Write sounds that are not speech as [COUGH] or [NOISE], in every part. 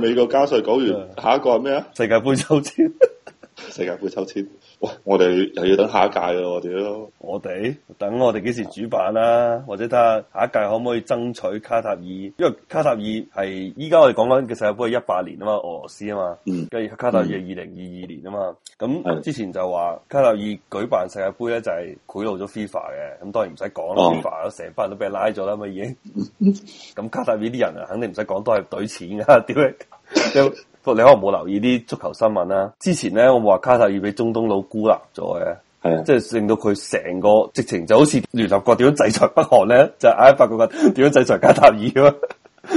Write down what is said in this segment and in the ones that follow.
美國加稅搞完，啊、下一個係咩啊？世界杯抽籤。世界盃抽籤，哇！我哋又要等下一屆咯，我屌！我哋等我哋幾時主辦啦、啊？或者睇下下一屆可唔可以爭取卡塔爾？因為卡塔爾係依家我哋講緊嘅世界盃係一八年啊嘛，俄羅斯啊嘛，嘛嗯，跟住，卡塔爾係二零二二年啊嘛，咁之前就話卡塔爾舉辦世界盃咧就係賄賂咗 FIFA 嘅，咁當然唔使講啦 FIFA 成班人都俾人拉咗啦，咪已經。咁、嗯、卡塔爾啲人啊，肯定唔使講，都係懟錢噶，屌！ [LAUGHS] 就 [LAUGHS] 你可能冇留意啲足球新聞啦。之前咧，我話卡塔爾俾中東佬孤立咗嘅，係啊， [LAUGHS] 即係令到佢成個直情就好似聯合國點樣制裁北韓咧，就挨、是、法國點樣制裁卡塔爾。 [LAUGHS]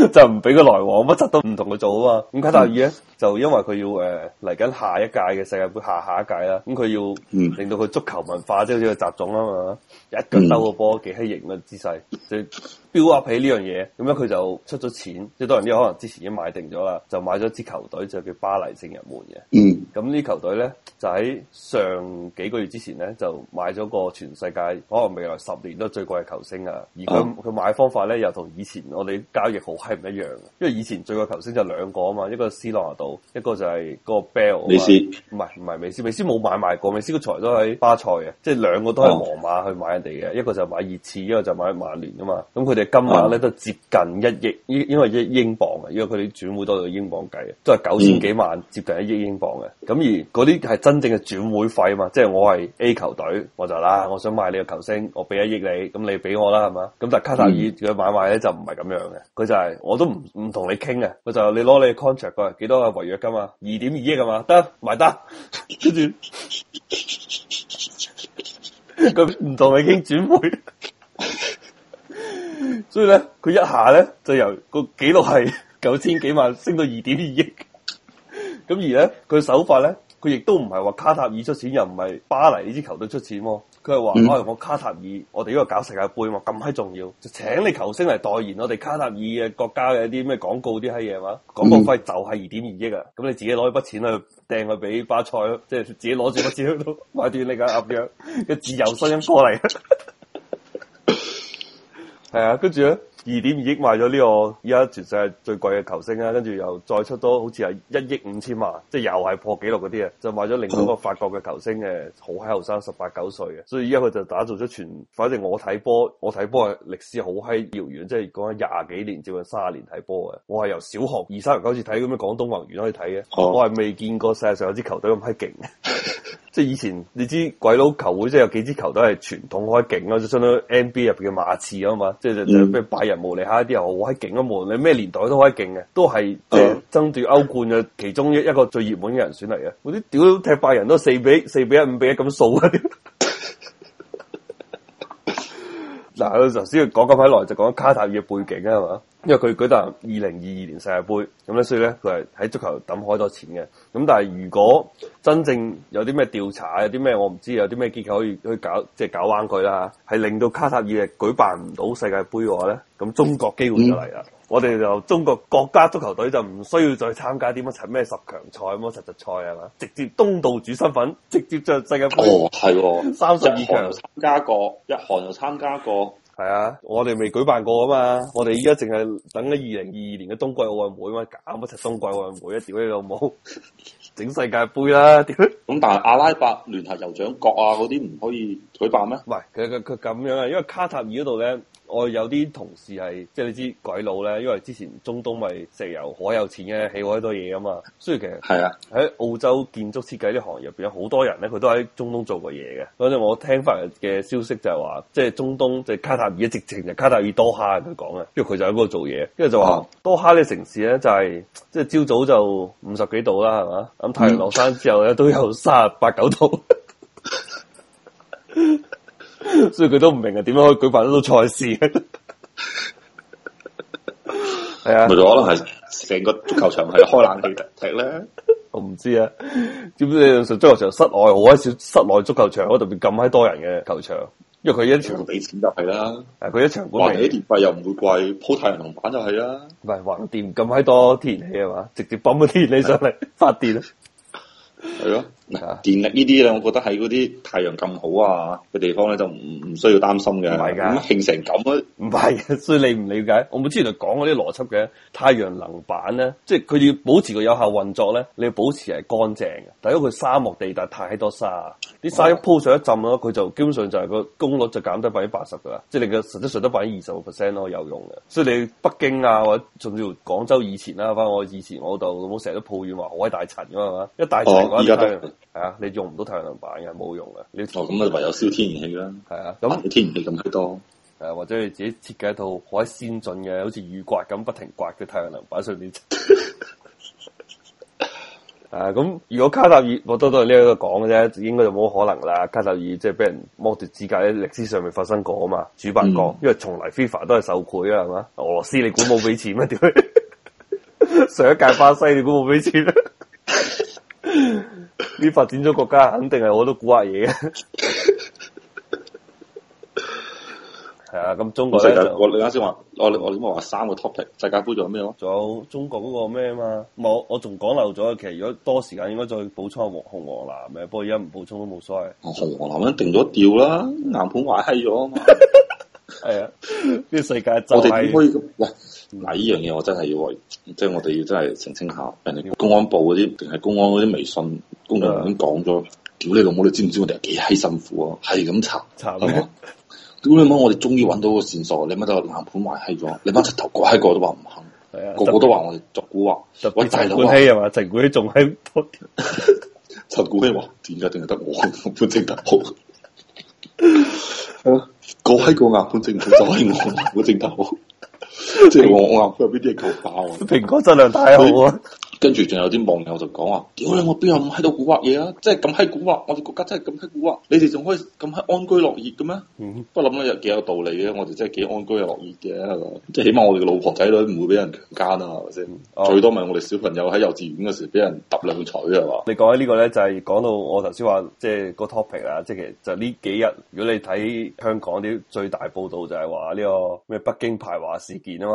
[LAUGHS] 就唔俾佢來往，乜柒都唔同佢做啊嘛。咁卡塔爾咧，就 [NOISE] 因為佢要誒嚟緊下一屆嘅世界杯下下一屆啦，咁佢要令到佢足球文化即係好似個雜種啊嘛，一腳收個波，幾欺形嘅姿勢，就標壓起呢樣嘢。咁樣佢就出咗錢，即係當然啲可能之前已經買定咗啦，就買咗支球隊就叫巴黎聖日門嘅。嗯，咁 [NOISE] 呢球隊咧就喺上幾個月之前咧就買咗個全世界可能未來十年都最貴嘅球星啊！而佢佢、嗯、買方法咧又同以前我哋交易好唔一樣因為以前最個球星就兩個啊嘛，一個 C 朗拿度，一個就係個 Bell。美斯，唔係唔係美斯，美斯冇買賣過，美斯個財都喺巴塞嘅，即係兩個都係皇馬去買人哋嘅、哦，一個就買熱刺，一個就買曼聯啊嘛。咁佢哋今晚咧、哦、都接近一億，因因為一英鎊啊，因為佢哋轉會多到英鎊計，都係九千幾萬接近一億英鎊嘅。咁而嗰啲係真正嘅轉會費啊嘛，即係我係 A 球隊，我就啦，我想買你個球星，我俾一億你，咁你俾我啦，係嘛？咁但卡塔爾嘅買賣咧就唔係咁樣嘅，佢就係、是。我都唔唔同你傾啊，佢就話，你攞你嘅 contract 噶，幾多啊違約金啊，二點二億啊嘛，得埋單，跟住佢唔同你傾轉會。 [LAUGHS] 所以咧佢一下咧就由個紀錄係九千幾萬升到二點二億，咁 [LAUGHS] 而咧佢手法咧，佢亦都唔係話卡塔爾出錢，又唔係巴黎呢支球隊出錢喎。佢係話，我嚟、嗯哎、我卡塔爾，我哋呢個搞世界盃嘛，咁閪重要，就請你球星嚟代言我哋卡塔爾嘅國家嘅一啲咩廣告啲閪嘢嘛，廣告費就係二點二億啊！咁你自己攞一筆錢去掟去俾巴塞咯，即、就、係、是、自己攞住筆錢去買斷你嘅合約嘅自由聲音過嚟。 [LAUGHS] 係啊，跟住咧，二點二億買咗呢、這個而家全世界最貴嘅球星啊，跟住又再出多好似係一億五千萬，即係又係破紀錄嗰啲啊，就買咗另一個法國嘅球星嘅，好閪後生，十八九歲嘅，所以依家佢就打造出全，反正我睇波，我睇波歷史好閪遙遠，即係講緊廿幾年接近三十年睇波嘅，我係由小學二三年開始睇咁樣廣東宏遠可以睇嘅，啊、我係未見過世界上有支球隊咁閪勁。即係以前，你知鬼佬球會，即係有幾支球隊都係傳統開勁咯，就相當於 NBA 入邊嘅馬刺啊嘛，嗯、即係就就咩拜仁、慕尼黑啲又好閪勁啊，無論你咩年代都好閪勁嘅，都係即係爭奪歐冠嘅其中一一個最熱門嘅人選嚟嘅。嗰啲、嗯、屌踢拜仁都四比四比一、五比一咁數啊。嗱，頭先講咁鬼耐，就講卡塔爾嘅背景啊嘛。因為佢舉到二零二二年世界杯，咁咧所以咧佢係喺足球等開多錢嘅。咁但係如果真正有啲咩調查，有啲咩我唔知，有啲咩機構可以去搞，即係搞彎佢啦，係令到卡塔爾係舉,舉,舉辦唔到世界杯嘅話咧，咁中國機會就嚟啦。嗯、我哋就中國國家足球隊就唔需要再參加啲乜陳咩十強賽咁啊，實足賽係嘛，直接東道主身份，直接就世界杯。哦，係、哦，三十二強參加過，日韓又參加過。係啊，我哋未舉辦過啊嘛，我哋依家淨係等咗二零二二年嘅冬季奧運會啊嘛，搞乜出冬季奧運會，啊？屌你老母，整 [LAUGHS] 世界杯啦！咁、嗯、但係阿拉伯聯合酋長國啊嗰啲唔可以舉辦咩？唔係佢佢佢咁樣啊，因為卡塔爾嗰度咧。我有啲同事係即係你知鬼佬咧，因為之前中東咪石油好有錢嘅，起好多嘢啊嘛。所以其實係啊，喺澳洲建築設計呢行業入邊，有好多人咧，佢都喺中東做過嘢嘅。嗰陣我聽翻嘅消息就係話，即係中東即係、就是、卡塔爾，直情就卡塔爾多哈咁講嘅，跟住佢就喺嗰度做嘢。跟住就話、嗯、多哈呢城市咧、就是，就係即係朝早就五十幾度啦，係嘛？咁太陽落山之後咧，嗯、都有三十八九度。 [LAUGHS] 所以佢都唔明啊，點樣可以舉辦得到賽事？係 [LAUGHS] [LAUGHS] 啊，咪就可能係成個足球場係開冷氣踢係咧。我唔知啊，點解成足球場室外好喺少，室內足球場嗰度變咁喺多人嘅球場，因為佢一場俾錢就係啦。佢一場，還啲、啊、電費又唔會貴，鋪太陽能板就係啦。唔係橫掂，咁喺多，天氣啊嘛，直接泵個天氣上嚟 [LAUGHS] 發電啦、啊。係咯，嗱電力呢啲咧，我覺得喺嗰啲太陽咁好啊嘅地方咧，就唔唔需要擔心嘅。唔係噶，興成咁啊？唔係嘅，所以你唔理解，我哋之前就講嗰啲邏輯嘅。太陽能板咧，即係佢要保持個有效運作咧，你要保持係乾淨嘅。但係因為佢沙漠地帶太多沙。啲沙一鋪上一浸咯，佢就基本上就係個功率就減低百分之八十噶啦，即係你嘅實質上得百分之二十個 percent 咯有用嘅。所以你北京啊或者甚至廣州以前啦、啊，翻我以前我老豆老母成日都抱怨話好鬼大塵噶嘛，一大塵嗰啲啊，你用唔到太陽能板嘅，冇用嘅。你咁啊，唯有燒天然氣啦。係啊，咁天然氣咁多誒、啊，或者你自己設計一套好鬼先進嘅，好似雨刮咁不停刮嘅太陽能板上面。 [LAUGHS] 誒，咁、啊、如果卡塔爾我都都係呢一個講嘅啫，應該就冇可能啦。卡塔爾即係俾人剝奪資格，喺歷史上面發生過啊嘛。主辦國，嗯、因為從來 FIFA 都係受賄啊，係嘛？俄羅斯你估冇俾錢咩？屌？ [LAUGHS] 上一屆巴西你估冇俾錢咩？啲 [LAUGHS] 發展咗國家肯定係好多古惑嘢係啊，咁中國咧界就，我你啱先話，我我點話三個 topic 世界杯仲有咩咯？仲有中國嗰個咩嘛？冇，我仲講漏咗。其實如果多時間，應該再補充紅黃藍嘅。不過而家唔補充都冇所謂，哦。紅黃藍咧定咗調啦，硬盤壞閪咗。嘛？係 [LAUGHS] [LAUGHS] 啊，呢、這個、世界、就是、我哋點喂，嗱、嗯，呢樣嘢我真係要，即、就、係、是、我哋要真係澄清下，人哋公安部嗰啲定係公安嗰啲微信工作人員講咗，屌你老母！你知唔知我哋幾閪辛苦啊？係咁查。慘咩？ [LAUGHS] [LAUGHS] 點你乜我哋終於揾到個線索？你乜就硬盤壞棄咗？你乜直頭個喺個都話唔肯，的個個都話我哋作古話喂，大佬，陳冠希係嘛？陳冠希仲係陳冠希話點解淨係得我硬盤正得好？啊， [LAUGHS] 個閪個硬盤正唔正就係我硬盤正得好，即係 [LAUGHS] 我硬盤有邊啲係夠爆？蘋果質量太好啊！ [LAUGHS] [LAUGHS] 跟住仲有啲網友就講話，點解我邊有唔喺度蠱惑嘢啊？即係咁閪蠱惑，我哋國家真係咁閪蠱惑，你哋仲可以咁閪安居樂業嘅咩？嗯、哼不過諗一日幾有道理嘅，我哋真係幾安居樂業嘅，即係起碼我哋嘅老婆仔女唔會俾人強奸啊，係咪先？最多咪我哋小朋友喺幼稚園嗰時俾人揼兩下啫嘛。你講起呢個咧，就係講到我頭先話，即係個 topic 啊，即係就呢幾日，如果你睇香港啲最大報道，就係話呢個咩北京排華事件啊嘛。